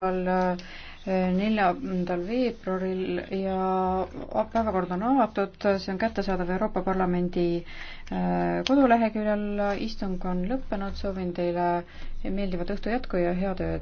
Äh, neljandal veebruaril ja päevakord on avatud, see on kättesaadav Euroopa Parlamendi äh, koduleheküljel, istung on lõppenud, soovin teile meeldivat õhtu jätku ja head ööd!